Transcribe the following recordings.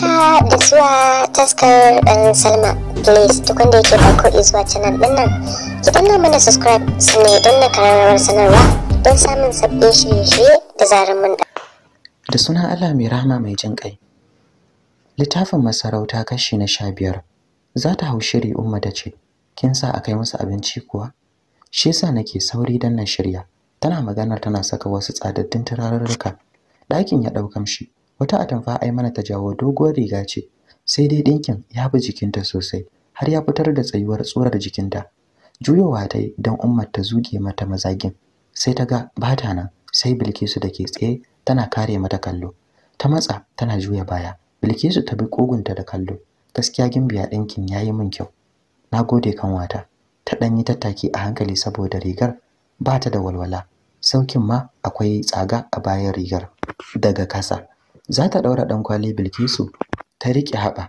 haka ah, da zuwa taskar ɗan um, salma please duk wanda yake farko izuwa canal ɗin nan ki danna mana subscribe sannan don na kararrawar sanarwa don samun sabbin shirye-shirye da zarar mun da da sunan allah mai rahama mai jin kai littafin masarauta kashi na sha biyar za ta hau shiri umma da ce kin sa a kai musu abinci kuwa shi yasa nake sauri don na shirya tana magana tana saka wasu tsadaddun turarurruka Dakin ya ɗau kamshi wata atamfa mana ta jawo doguwar riga ce sai dai ɗinkin ya bi jikinta sosai har ya fitar da tsayuwar tsorar jikinta juyowa ta yi don ummar ta zuge mata mazagin sai ta ga bata nan sai Bilkisu da ke tsaye tana kare mata kallo ta matsa tana juya baya Bilkisu ta bi kogunta da kallo gaskiya gimbiya ɗinkin yi min kyau Na gode kan wata ta ɗan yi tattaki a hankali saboda rigar ba ta da walwala saukin ma akwai tsaga a bayan rigar daga kasa za ta ɗaura ɗankwali bilkisu ta riƙe haɓa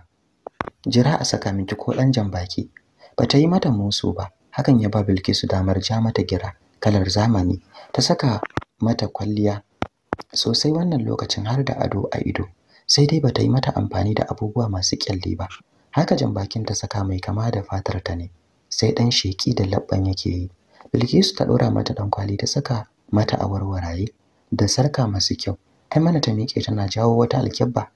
jira a saka miki ko ɗan jan baki ba ta yi mata musu ba hakan ya ba bilkisu damar ja mata gira kalar zamani ta saka mata kwalliya sosai wannan lokacin har da ado a ido sai dai ba ta yi mata amfani da abubuwa masu ƙyalle ba haka jan bakin ta saka mai kama da fatar ta ne sai dan sheki da labban yake yi Bilkisu ta dora mata dan kwali ta saka mata a warwaraye da sarka masu kyau mana ta miƙe tana jawo wata alkyabba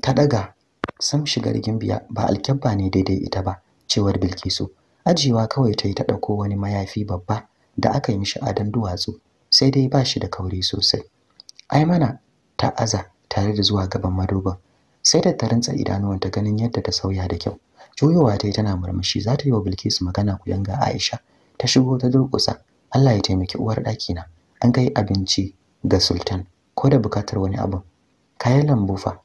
ta daga sam shigar gimbiya ba alkyabba ne daidai ita ba cewar Bilkisu ajiyewa kawai ta yi ta ɗauko wani mayafi babba da aka yi mishi adon duwatsu sai dai ba shi da kauri sosai Aimana ta aza tare da zuwa gaban madoba sai da ta idanuwan ta ganin yadda ta sauya da kyau juyowa ta yi tana murmushi za ta yi wa Bilkisu magana ku yanga Aisha ta shigo ta durƙusa Allah ya taimaki uwar ɗakina an kai abinci ga Sultan ko da bukatar wani abu kayan lambu fa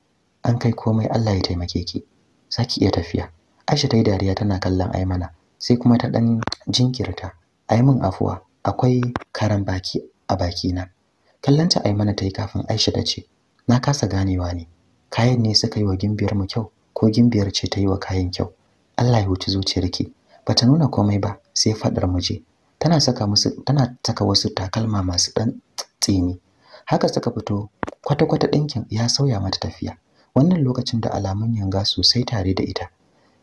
an kai komai Allah ya taimake ki saki iya tafiya Aisha ta yi dariya tana kallon Aimana sai kuma ta ɗan jinkirta ai min afuwa akwai karan baki a baki na Kallon kallanta Aimana ta yi kafin Aisha ta ce na kasa ganewa ne kayan ne suka yi wa gimbiyar mu kyau ko gimbiyar ce ta yi wa kayan kyau Allah ya huci zuciyarki bata nuna komai ba sai faɗar mu je. tana saka wasu takalma masu dan tsini haka suka fito kwata-kwata ɗinkin ya sauya mata tafiya wannan lokacin da alamun yanga sosai tare da ita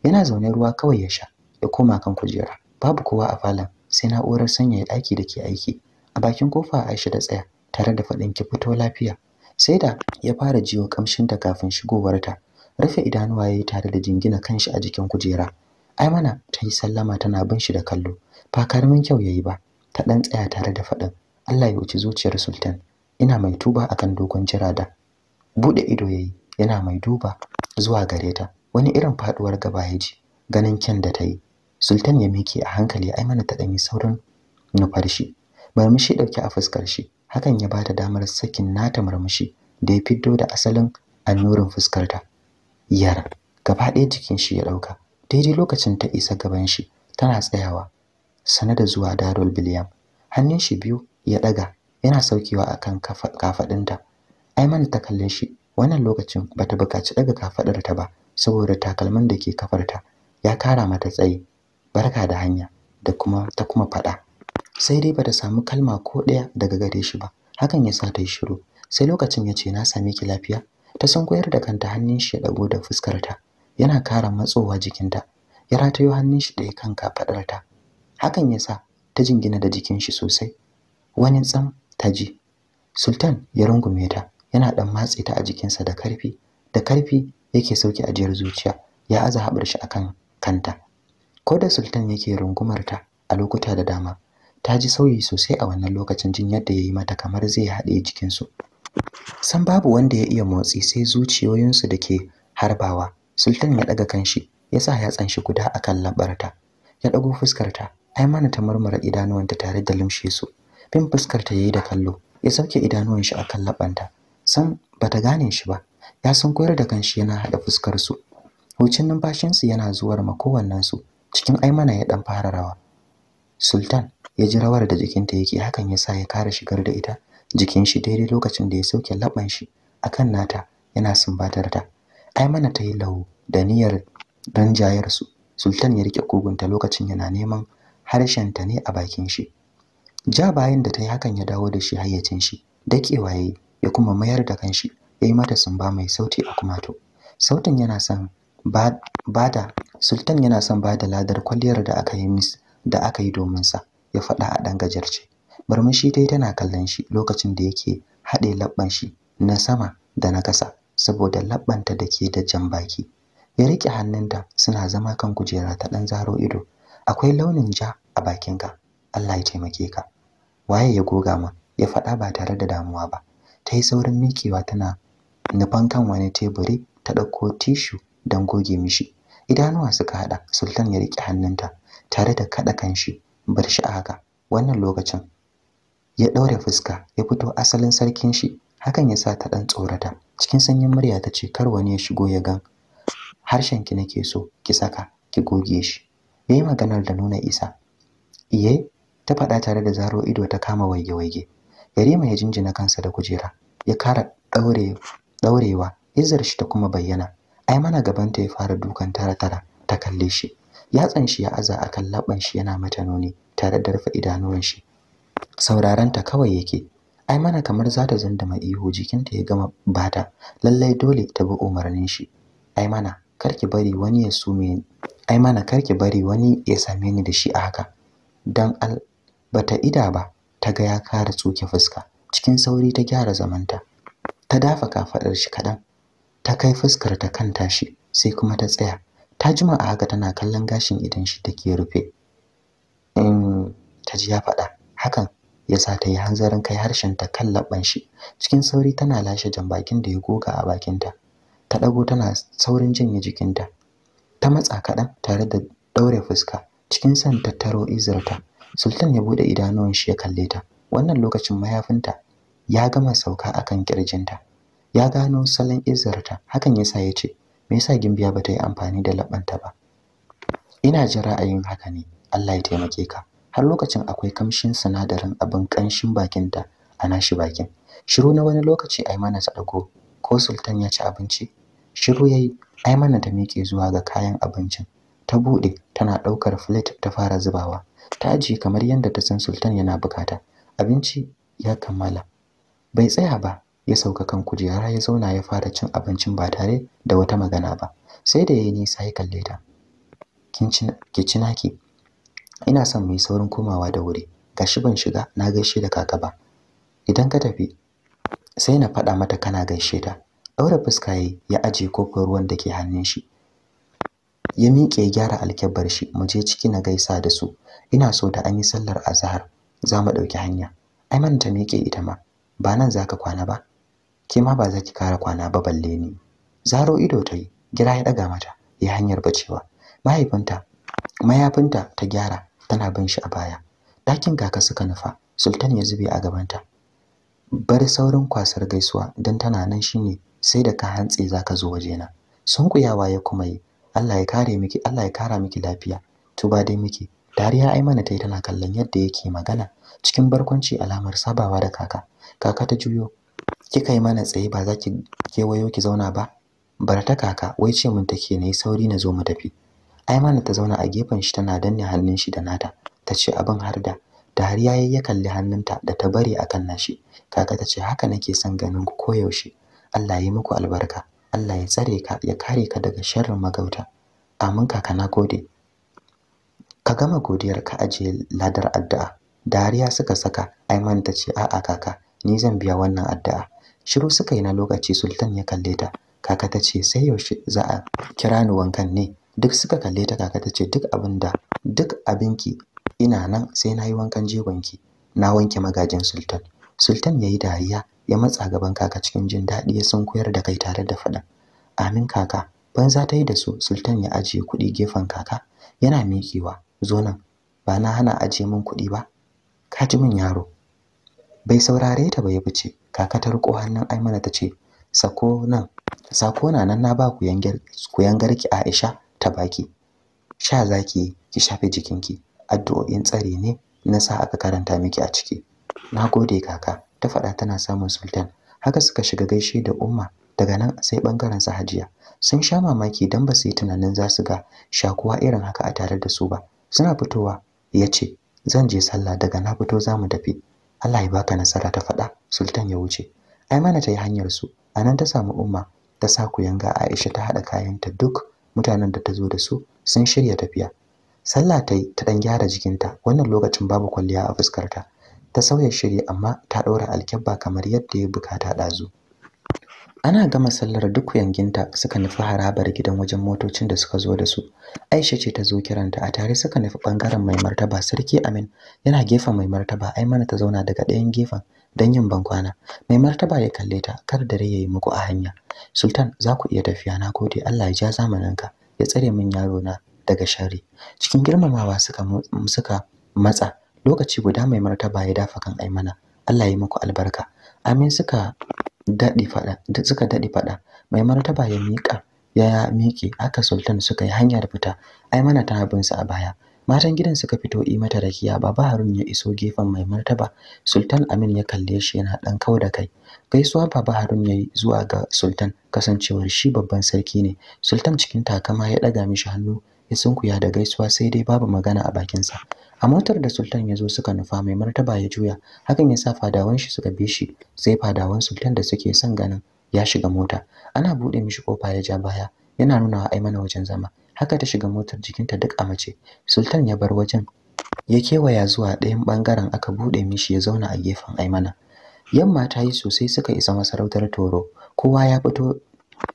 yana zaune ruwa kawai ya sha ya koma kan kujera babu kowa a falon sai na'urar sanya ya ɗaki da ke aiki a bakin kofa Aisha da tsaya tare da faɗin ki fito lafiya sai da ya fara jiyo kamshin da kafin shigowarta rufe idanuwa ya yi tare da jingina kanshi a jikin kujera ai mana ta yi sallama tana bin shi da kallo ba karamin kyau ya yi ba ta ɗan tsaya tare da faɗin Allah ya wuce zuciyar sultan ina mai tuba akan dogon jira da bude ido yayi yana mai duba zuwa gare ta wani irin faduwar gaba yaji ganin kyan da ta yi sultan ya miki a hankali ai mana ta dani saurin nufar shi murmushi ɗauki a fuskar shi hakan ya bata damar sakin nata murmushi da ya fiddo da asalin annurin fuskarta yar gaba ɗaya jikin shi ya ɗauka daidai lokacin ta isa gaban shi tana tsayawa sana da zuwa darul biliyam hannun shi biyu ya ɗaga yana saukewa akan kafadinta mana ta kalle shi wannan lokacin bata bukaci daga kafadar ba saboda takalman da ke kafarta ya kara mata tsaye barka da hanya da kuma ta kuma faɗa. sai dai bata samu kalma ko daya daga gare shi ba hakan ya sa ta yi shiru sai lokacin ya ce na same ki lafiya ta san koyar da kanta hannun shi ya dago da fuskarta. yana kara matsowa jikinta ya ratayo hannun shi daya kan kafaɗarta hakan hakan sa ta jingina da jikin shi sosai wani tsam ta ji sultan ya rungume ta yana dan matse ta a jikinsa da karfi da karfi yake sauke ajiyar zuciya ya aza habar shi akan kanta ko da sultan yake rungumar ta a lokuta da dama ta ji sauyi sosai a wannan lokacin jin yadda ya yi mata kamar zai haɗe jikinsu san babu wanda ya iya motsi sai zuciyoyinsu da ke harbawa sultan ya ɗaga kanshi ya sa yatsan shi guda akan labarta ya ɗago fuskarta ai mana ta murmura idanuwanta tare da limshe su bin fuskar ta yi da kallo ya sauke idanuwan shi akan labanta san bata gane shi ba ya san koyar da kanshi yana hada fuskar su hucin numfashin yana zuwar ma kowannen su cikin aimana ya dan fara rawa sultan ya ji rawar da jikinta yake hakan ya sa ya kare shigar da ita jikin shi daidai lokacin da ya sauke laban shi akan nata yana sumbatar ta aimana ta yi lau da niyyar rinjayarsu. su sultan ya rike kugunta lokacin yana neman harshen ta ne a bakin shi ja bayan da ta yi hakan ya dawo da shi hayyacin shi dakewa yayi ya kuma mayar da kanshi ya yi mata sumba mai sauti a kumato sautin yana son bada sultan yana son bada ladar kwalliyar da aka yi mis da aka yi domin sa ya faɗa a ɗan gajarce murmushi dai tana kallon shi lokacin da yake haɗe labban shi na sama da na ƙasa saboda labbanta da ke da jan baki ya riƙe hannunta suna zama kan kujera ta ɗan zaro ido akwai launin ja a bakinka Allah ya taimake ka waye ya goga min ya faɗa ba tare da damuwa ba ta yi saurin mikewa tana nufan kan wani teburi ta ɗauko tishu don goge mishi idanuwa suka haɗa sultan ya riƙe hannunta tare da kaɗa kan shi, bar shi a haka wannan lokacin ya ɗaure fuska ya fito asalin sarkin shi hakan ya sa ta ɗan tsorata cikin sanyin murya ta ce kar wani ya shigo ya gan harshen ki nake so ki saka ki goge shi Ya yi maganar da nuna isa iye ta faɗa tare da zaro ido ta kama waige-waige yarima ya jinjina kansa da kujera ya kara ɗaurewa izar shi ta kuma bayyana ai mana ta ya fara dukan tara tara ta kalle shi ya tsanshi ya aza akan laban shi yana mata nuni tare da rufe idanuwan shi sauraron ta kawai yake ai mana kamar za ta zandama ihu jikinta ya gama bata lallai dole ta bi umarnin shi ai mana ki bari wani ya sume ai mana karki bari wani ya same ni da shi a haka dan al bata ida ba ta ga ya kara tsuke fuska cikin sauri ta gyara zamanta ta dafa kafadar shi kadan ta kai fuskar ta kan tashi sai kuma ta tsaya ta jima a haka tana kallon gashin idan shi take rufe in ta ji ya faɗa hakan ya sa ta yi hanzarin kai harshen ta kan labban shi cikin sauri tana lashe jan bakin da ya goga a bakinta ta ɗago tana saurin janye jikinta ta matsa kaɗan tare da ɗaure fuska cikin son tattaro izirta Sultan ya bude idanuwan shi ya kalle ta. Wannan lokacin mayafinta ya gama sauka akan kirjinta. Ya gano salon izarta, hakan yasa ya ce, "Me yasa Gimbiya ba ta yi amfani da labanta ba?" Ina jin ra'ayin haka ne. Allah ya taimake ka. Har lokacin akwai kamshin sinadarin abin kanshin bakinta a nashi bakin. Shiru na wani lokaci Aimana ta dago ko Sultan ya ci abinci. Shiru yayi Aimana ta miƙe zuwa ga kayan abincin. Ta bude tana ɗaukar plate ta fara zubawa. ta ajiye kamar yadda ta san sultan yana bukata abinci ya kammala bai tsaya ba ya sauka kan kujera ya zauna ya fara cin abincin ba tare da wata magana ba sai da yayi nisa ya kalle ta ki ci naki ina son mu yi saurin komawa da wuri gashi ban shiga na gaishe da kaka ba idan ka tafi sai na faɗa mata kana gaishe ta ɗaura fuska yayi ya aje kofin ruwan da ke hannun shi ya miƙe gyara alkyabbar shi mu je ciki na gaisa da su ina so da an yi sallar azhar za mu ɗauki hanya ai man ta miƙe ita ma ba nan za kwana ba ke ma ba za ki kara kwana ba balle ni zaro ido ta gira ya ɗaga mata ya hanyar bacewa mahaifinta mayafinta ta gyara tana bin shi a baya ɗakin kaka suka nufa sultan ya zube a gabanta bar saurin kwasar gaisuwa dan tana nan shine sai da ka hantse zaka zo waje wajena sunkuyawa ya kuma yi Allah ya kare miki Allah ya kara miki lafiya tuba dai miki dariya aimana ta yi tana kallon yadda yake magana cikin barkwanci alamar sabawa da kaka kaka ta juyo kika yi mana tsaye ba za ki kewayo ki zauna ba Bara ta kaka wai ce mun take ne sauri na zo mu tafi aimana ta zauna a gefen shi tana danne hannun shi da nata ta ce abin har da dariya yayi ya kalli hannunta da ta bare akan nashi kaka ta ce haka nake son ganin ku koyaushe Allah ya yi muku albarka Allah ya tsare ka ya kare ka daga sharrin magauta amin kaka na gode ka gama godiyar ka ajiye ladar addu'a dariya suka saka ai ta ce a'a kaka ni zan biya wannan addu'a shiru suka yi na lokaci sultan ya kalle ta kaka ta ce sai yaushe za a kira ni wankan ne duk suka kalle ta kaka ta ce duk abin da duk abinki ina nan sai na yi wankan ki. na wanke magajin sultan sultan ya yi dariya ya matsa gaban kaka cikin jin daɗi ya sun koyar da kai tare da faɗa amin kaka banza ta yi da su sultan ya ajiye kuɗi gefen kaka yana mikewa zo nan ba na hana aje min kuɗi ba ka ji min yaro bai saurare ta ba ya fice kaka ta riko hannun Aimana ta ce sako nan sako na nan na ba ku yangar ku yangar ki Aisha ta baki sha zaki ki shafe jikinki addu'o'in tsare ne na sa aka karanta miki a ciki Na gode, kaka ta faɗa tana samun sultan haka suka shiga gaishe da umma daga nan sai bangaren sa hajiya sun sha mamaki dan ba su yi tunanin za su ga shakuwa irin haka a tare da su ba suna fitowa ya ce zan je sallah daga na fito za mu tafi Allah ya baka nasara ta faɗa sultan ya wuce ai mana ta yi hanyar su nan ta samu umma ta sa ku yanga Aisha ta haɗa kayanta duk mutanen da ta zo da su sun shirya tafiya sallah ta yi ta ɗan gyara jikinta wannan lokacin babu kwalliya a fuskarta ta sauya shiri amma ta ɗaura alkyabba kamar yadda ya bukata ɗazu ana gama sallar duk yanginta suka nufi harabar gidan wajen motocin da suka zo da su aisha ce ta zo kiranta a tare suka nufi bangaren mai martaba sarki amin yana gefen mai martaba ai mana ta zauna daga ɗayan gefen don yin bankwana mai martaba ya kalle ta kar rai ya yi muku a hanya sultan za ku iya tafiya na gode allah ya ja zamaninka ya tsare min yaro na daga shari cikin girmamawa suka matsa lokaci guda mai martaba ya dafa kan aimana allah ya yi muku albarka amin suka Dadi faɗa da suka daɗe faɗa mai martaba ya miƙa ya miƙe haka sultan suka yi hanyar fita ai mana ta su a baya matan gidan suka fito yi mata rakiya baba harun ya iso gefen mai martaba sultan amin ya kalle shi yana ɗan kau da kai gaisuwa baba harun ya yi zuwa ga sultan kasancewar shi babban sarki ne sultan cikin takama ya ɗaga mishi hannu ya sunkuya da gaisuwa sai dai babu magana a bakinsa a motar da sultan ya zo suka nufa mai martaba ya juya hakan ya sa fadawan shi suka bi shi sai fadawan sultan da suke son ganin ya shiga mota ana buɗe mishi kofa ya ja baya yana nuna wa mana wajen zama haka ta shiga motar jikinta duk a mace sultan ya bar wajen ya kewaya zuwa ɗayan ɓangaren aka buɗe mishi ya zauna a gefen aimana yamma ta yi sosai suka isa masarautar toro kowa ya fito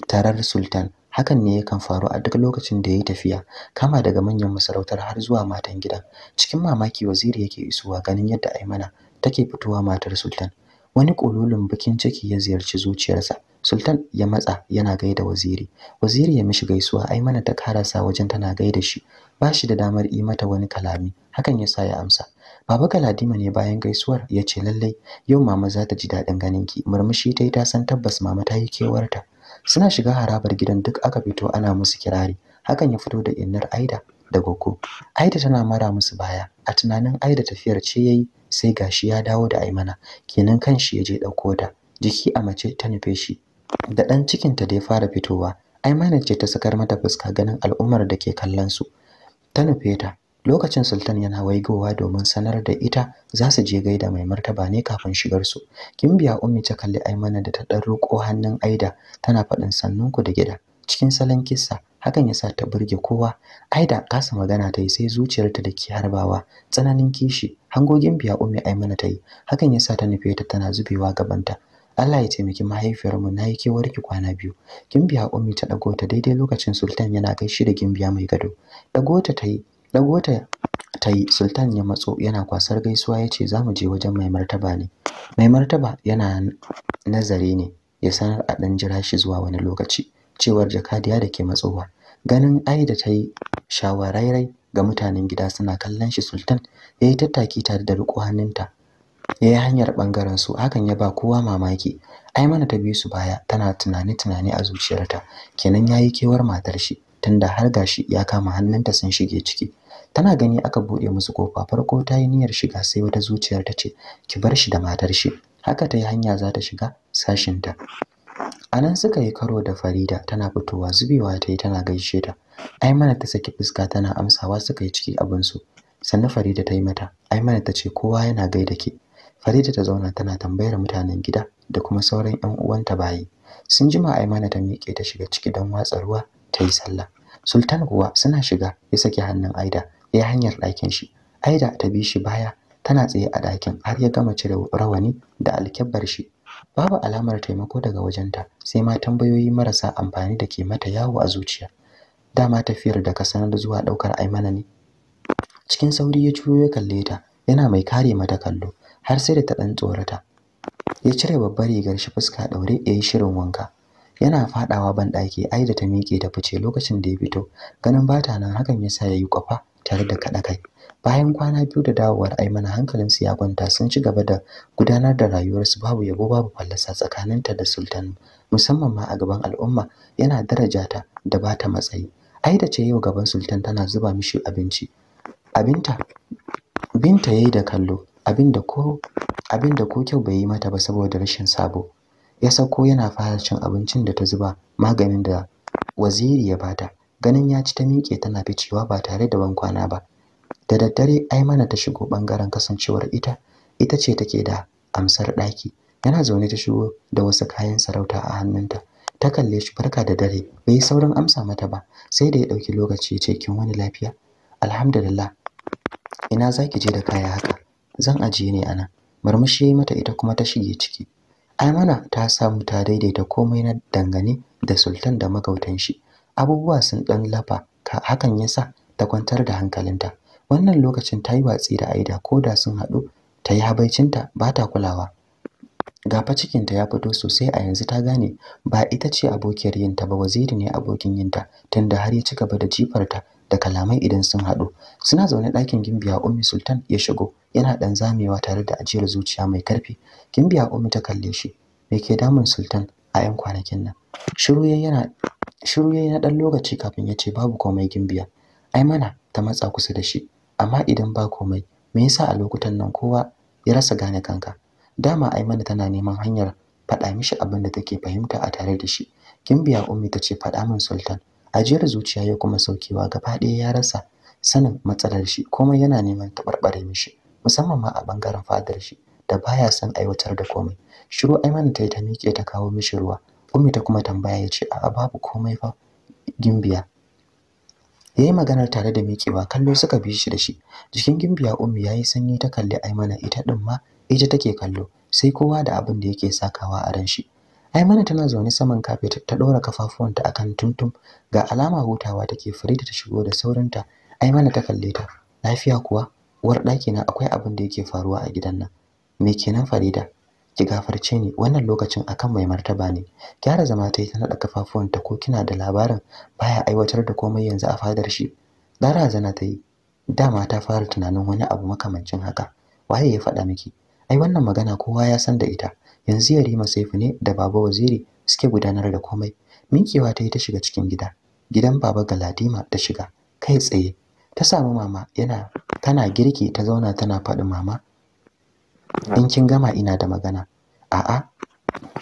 tarar sultan hakan ne yakan faru a duk lokacin da ya yi tafiya kama daga manyan masarautar har zuwa matan gidan cikin mamaki waziri yake isuwa ganin yadda Aimana take fitowa matar sultan wani kololin bikin ciki ya ziyarci zuciyarsa sultan ya matsa yana gaida waziri waziri ya mishi gaisuwa Aimana ta karasa wajen tana gaida shi ba shi da damar yi mata wani kalami hakan ya sa ya amsa Baba Galadima ne bayan gaisuwar ya ce lallai yau mama za ta ji daɗin ganinki murmushi ta yi ta san tabbas mama ta yi kewarta suna shiga harabar gidan duk aka fito ana musu kirari hakan ya fito da innar aida da goko aida tana mara musu baya a tunanin aida tafiyar ce yayi sai gashi ya dawo da aimana kenan kanshi ya je ɗauko da. jiki a mace ta nufe shi da ɗan cikinta da ya fara fitowa aimana ce ta sakar mata fuska ganin al'ummar da ke kallon su ta nufe ta lokacin sultan yana waigowa domin sanar da ita za su je gaida mai martaba ne kafin shigar su kimbiya ummi ta kalli aimana da ta dan roko hannun aida tana faɗin ku da gida cikin salon kissa hakan yasa ta burge kowa aida kasa magana ta yi sai zuciyarta da ke harbawa tsananin kishi hangogin biya ummi aimana ta yi hakan yasa ta nufe ta tana zubewa gabanta Allah ya taimaki mahaifiyarmu na yi kewarki kwana biyu. Gimbiya ummi ta dago ta daidai lokacin Sultan yana gaishe da gimbiya mai gado. Dago ta ta yi dan wata ta sultan ya matso yana kwasar gaisuwa yace ce za je wajen mai martaba ne mai martaba yana nazari ne ya sanar a ɗan jira shi zuwa wani lokaci cewar jakadiya da ke matsowa ganin ai da ta yi shawarairai ga mutanen gida suna kallon shi sultan yayi tattaki tare da riƙo hannunta yayi hanyar bangaren su hakan ya ba kowa mamaki ai mana ta biyu su baya tana tunani tunani a zuciyarta kenan yayi kewar matar shi tunda har gashi ya kama hannunta sun shige ciki tana gani aka buɗe musu kofa farko ta yi niyyar shiga sai wata zuciyar ta ce ki bar shi da matar shi haka ta yi hanya za ta shiga sashinta a nan suka yi karo da farida tana fitowa zubewa ta yi tana gaishe ta aimana ta saki fuska tana amsawa suka yi ciki abin su, sannan farida ta yi mata aimana ta ce kowa yana gaida ke farida ta zauna tana tambayar mutanen gida da kuma sauran yan uwanta bayi sun jima aimana ta miƙe ta shiga ciki don watsa ruwa ta yi sallah sultan kuwa suna shiga ya saki hannun aida ya hanyar ɗakin shi aida ta bi shi baya tana tsaye a ɗakin har ya gama cire rawani da alkyabbar shi babu alamar taimako daga wajenta sai ma tambayoyi marasa amfani da ke mata yawo a zuciya dama tafiyar da ka sanar zuwa ɗaukar aimana ne cikin sauri ya juyo ya kalle ta yana mai kare mata kallo har sai da ta ɗan tsorata ya cire babbar rigar shi fuska ɗaure ya yi shirin wanka yana faɗawa banɗaki aida ta miƙe ta fice lokacin da ya fito ganin bata nan hakan ya sa ya yi kwafa tare da kaɗa kai bayan kwana biyu da dawowar hankalin su ya kwanta sun ci gaba da gudanar da rayuwarsu babu yabo babu fallasa tsakaninta da sultan musamman ma a gaban al'umma yana daraja ta da ba ta matsayi ai da ce yau gaban sultan tana zuba mishi abinci abinta binta yayi da kallo abinda ko abinda ko kyau bai yi mata ba saboda rashin sabo ya sako yana fara cin abincin da ta zuba maganin da waziri ya bata ganin ya ci ta miƙe tana ficewa ba tare da bankwana ba da daddare aimana ta shigo bangaren kasancewar ita ita ce take da amsar ɗaki yana zaune ta shigo da wasu kayan sarauta a hannunta ta kalle shi barka da dare bai saurin amsa mata ba sai da ya ɗauki lokaci ce kin wani lafiya alhamdulillah ina zaki je da kaya haka zan ajiye ne nan. murmushi ya yi mata ita kuma ta shige ciki aimana ta samu ta daidaita komai na dangane da sultan da magautan shi abubuwa sun ɗan lafa hakan yasa ta kwantar da hankalinta wannan lokacin ta yi watsi da aida ko da sun haɗu ta yi habaicinta ba ta kulawa gafa cikinta ya fito sosai a yanzu ta gane ba ita ce abokiyar yinta ba waziri ne abokin yinta tunda har ya ci gaba da jifarta da kalamai idan sun haɗu suna zaune ɗakin gimbiya ummi sultan ya shigo yana ɗan zamewa tare da ajiyar zuciya mai karfi gimbiya ummi ta kalle shi me ke damun sultan a 'yan kwanakin nan shiru yayi yana na ɗan lokaci kafin ya ce babu komai gimbiya ai mana ta matsa kusa da shi amma idan ba komai me yasa a lokutan nan kowa ya rasa gane kanka dama ai mana tana neman hanyar faɗa mishi abin da take fahimta a tare da shi gimbiya ummi ta ce faɗa min sultan ajiyar zuciya ya kuma saukewa gaba ɗaya ya rasa sanin matsalar shi komai yana neman taɓarɓare mishi musamman ma a ɓangaren fadar shi da baya son aiwatar da komai shiru Aimana ta yi ta miƙe ta kawo mishi ruwa ummi ta kuma tambaya ya ce a babu komai fa gimbiya yayi maganar tare da miƙewa kallo suka bi shi da shi jikin gimbiya ummi yayi sanyi ta kalli Aimana ita din ma ita take kallo sai kowa da abin da yake sakawa a ran shi Aimana tana zaune saman kafet ta ɗora kafafuwanta akan tuntum ga alama hutawa take firida ta shigo da saurinta Aimana ta kalle ta lafiya kuwa uwar ɗaki na akwai abin da yake faruwa a gidan nan me kenan Farida ki gafarce ni wannan lokacin akan mai martaba ne gyara zama ta yi ta nada kafafuwanta ko kina da labarin baya aiwatar da komai yanzu a fadar shi dara zana ta yi dama ta fara tunanin wani abu makamancin haka waye ya faɗa miki ai wannan magana kowa ya san da ita yanzu Yarima Saifu ne da Baba Waziri suke gudanar da komai minkewa ta yi ta shiga cikin gida gidan Baba Galadima ta shiga kai tsaye ta samu mama yana tana girki ta zauna tana faɗi mama in kin gama ina da magana a'a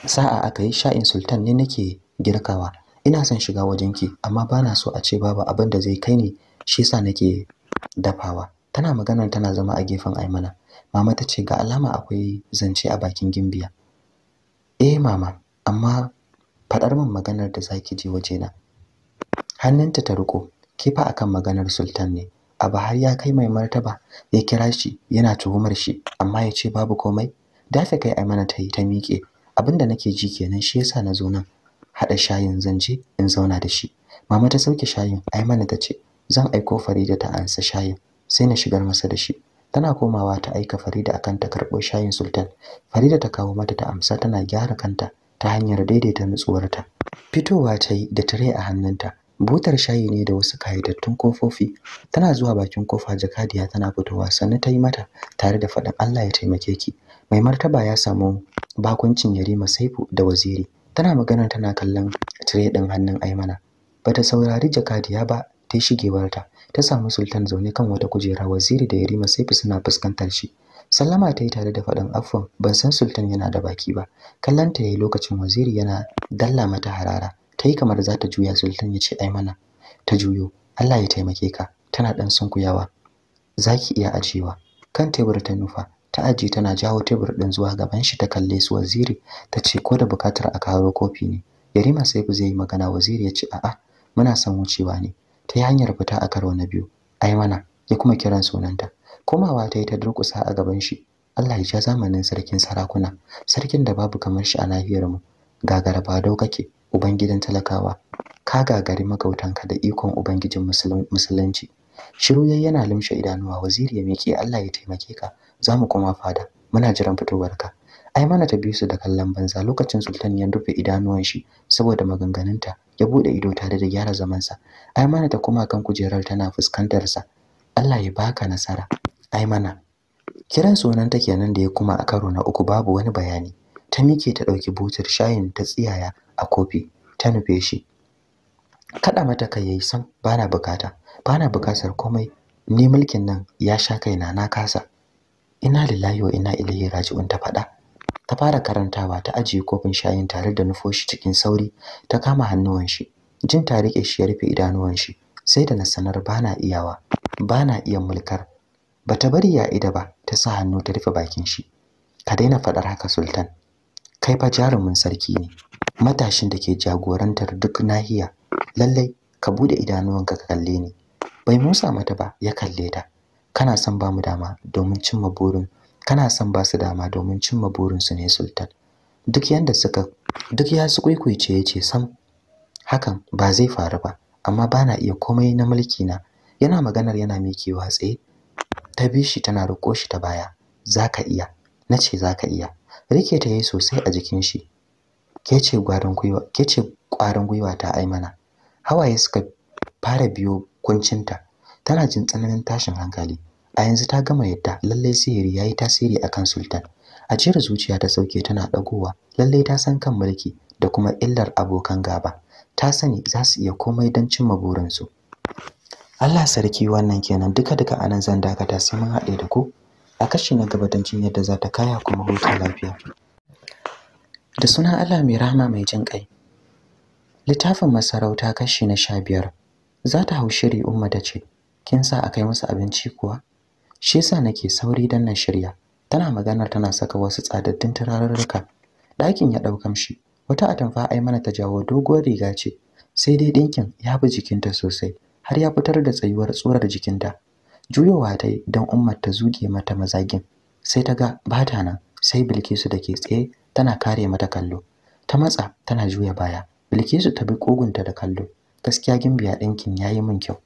sa'a aka yi sha'in sultan ne nake girkawa ina son shiga wajenki amma bana so a ce babu abin da zai kai ni shi yasa nake dafawa tana maganar tana zama a gefen Aimana mama ta ce ga alama akwai zance a bakin gimbiya eh mama amma faɗar min maganar da zaki je wajena hannunta ta riko Kifa akan maganar sultan ne abu har ya kai mai martaba ya kira shi yana tuhumar shi amma ya ce babu komai dafe kai mana ta yi ta miƙe abinda nake ji kenan shi yasa na zo nan hada shayin zan je in zauna da shi mama ta sauke shayin mana ta ce zan aiko Farida ta ansa shayin sai na shigar masa da shi tana komawa ta aika Farida akan ta karbo shayin Sultan Farida ta kawo mata ta amsa tana gyara kanta ta hanyar daidaita nutsuwarta fitowa ta yi da tire a hannunta butar shayi ne da wasu kayatattun kofofi tana zuwa bakin kofa jakadiya tana fitowa sannu ta yi mata tare da faɗin Allah ya taimake ki mai martaba ya samu bakuncin Yarima Saifu da Waziri tana magana tana kallon tire din hannun Aimana bata saurari jakadiya ba ta shigewarta ta samu sultan zaune kan wata kujera waziri da yarima saifu suna fuskantar shi sallama ta yi tare da faɗin afwan ban san sultan yana da baki ba kallanta yayi lokacin waziri yana dalla mata harara ta yi kamar za ta juya sultan ya ce ai mana ta juyo Allah ya taimake ka tana dan sunkuyawa zaki iya ajewa kan tebur ta nufa ta aje tana jawo tebur din zuwa gaban shi ta kalle su waziri ta ce ko da bukatar a karo kofi ne yarima sai ku zai yi magana waziri ya ce a'a muna son wucewa ne ta yi hanyar fita a karo na biyu ai mana ya kuma kiran sunanta komawa ta yi ta durƙusa a gaban shi Allah ya ja zamanin sarkin sarakuna sarkin da babu kamar shi a nahiyar mu gagara ba dau kake ubangidan talakawa ka gagari magautanka da ikon ubangijin musulunci shiru yayi yana limshe idanuwa waziri ya miƙe Allah ya taimake ka za mu kuma fada muna jiran fitowarka ai mana ta biyu su da kallon banza lokacin sultan ya rufe idanuwan shi saboda maganganunta ya bude ido tare da gyara zamansa ai mana ta kuma kan kujerar tana fuskantar sa Allah ya baka nasara ai mana kiran sunan ta nan da ya kuma a karo na uku babu wani bayani ta mike ta dauki butar shayin ta tsiyaya a kofi ta nufe shi kada mata kai yayi san bana bukata bana bukatar komai ni mulkin nan ya sha kaina na kasa ina lillahi wa ina ilaihi raji'un ta faɗa ta fara karantawa ta ajiye kofin shayin tare da nufoshi cikin sauri ta kama hannuwan shi jin ta rike shi ya rufe idanuwan shi sai da na sanar bana iyawa bana iya mulkar bata bari ya ida ba ta sa hannu ta rufe bakin shi ka daina faɗar haka sultan kai fa jarumin sarki ne matashin da ke jagorantar duk nahiya lallai ka bude idanuwanka ka kalle ni bai musa mata ba ya kalle ta kana son ba mu dama domin cimma burin kana son ba su dama domin cimma burin su ne sultan duk yanda suka duk ya su ya yace sam hakan ba zai faru ba amma bana iya komai na mulki na yana maganar yana mikewa tsaye ta bi shi tana riko shi ta baya zaka iya nace zaka iya rike ta yayi sosai a jikin shi ke gwarin gwiwa kece kwarin ƙwarin gwiwa ta aimana hawaye suka fara biyo kuncinta tana jin tsananin tashin hankali a yanzu ta gama yadda lallai sihiri yayi tasiri akan sultan a cire zuciya ta sauke tana dagowa lallai ta san kan mulki da kuma illar abokan gaba ta sani za su iya komai don cimma burinsu Allah sarki wannan kenan duka duka anan zan dakata sai mun haɗe da ku a kashi na gaba don jin yadda za ta kaya kuma huta lafiya da sunan Allah mai rahama mai jin ƙai littafin masarauta kashi na sha biyar za ta hau shiri umma ta ce kin sa a kai musu abinci kuwa shi yasa nake sauri dan na shirya tana maganar tana saka wasu tsadaddun turarurruka Dakin ya ɗau kamshi wata atamfa ai mana ta jawo doguwar riga ce sai dai ɗinkin ya bi jikinta sosai har ya fitar da tsayuwar tsorar jikinta juyowa ta yi don umma ta zuge mata mazagin sai ta ga bata nan sai bilkisu da ke tsaye tana kare mata kallo ta matsa tana juya baya bilkisu ta bi kogunta da kallo gaskiya gimbiya ɗinkin yayi min kyau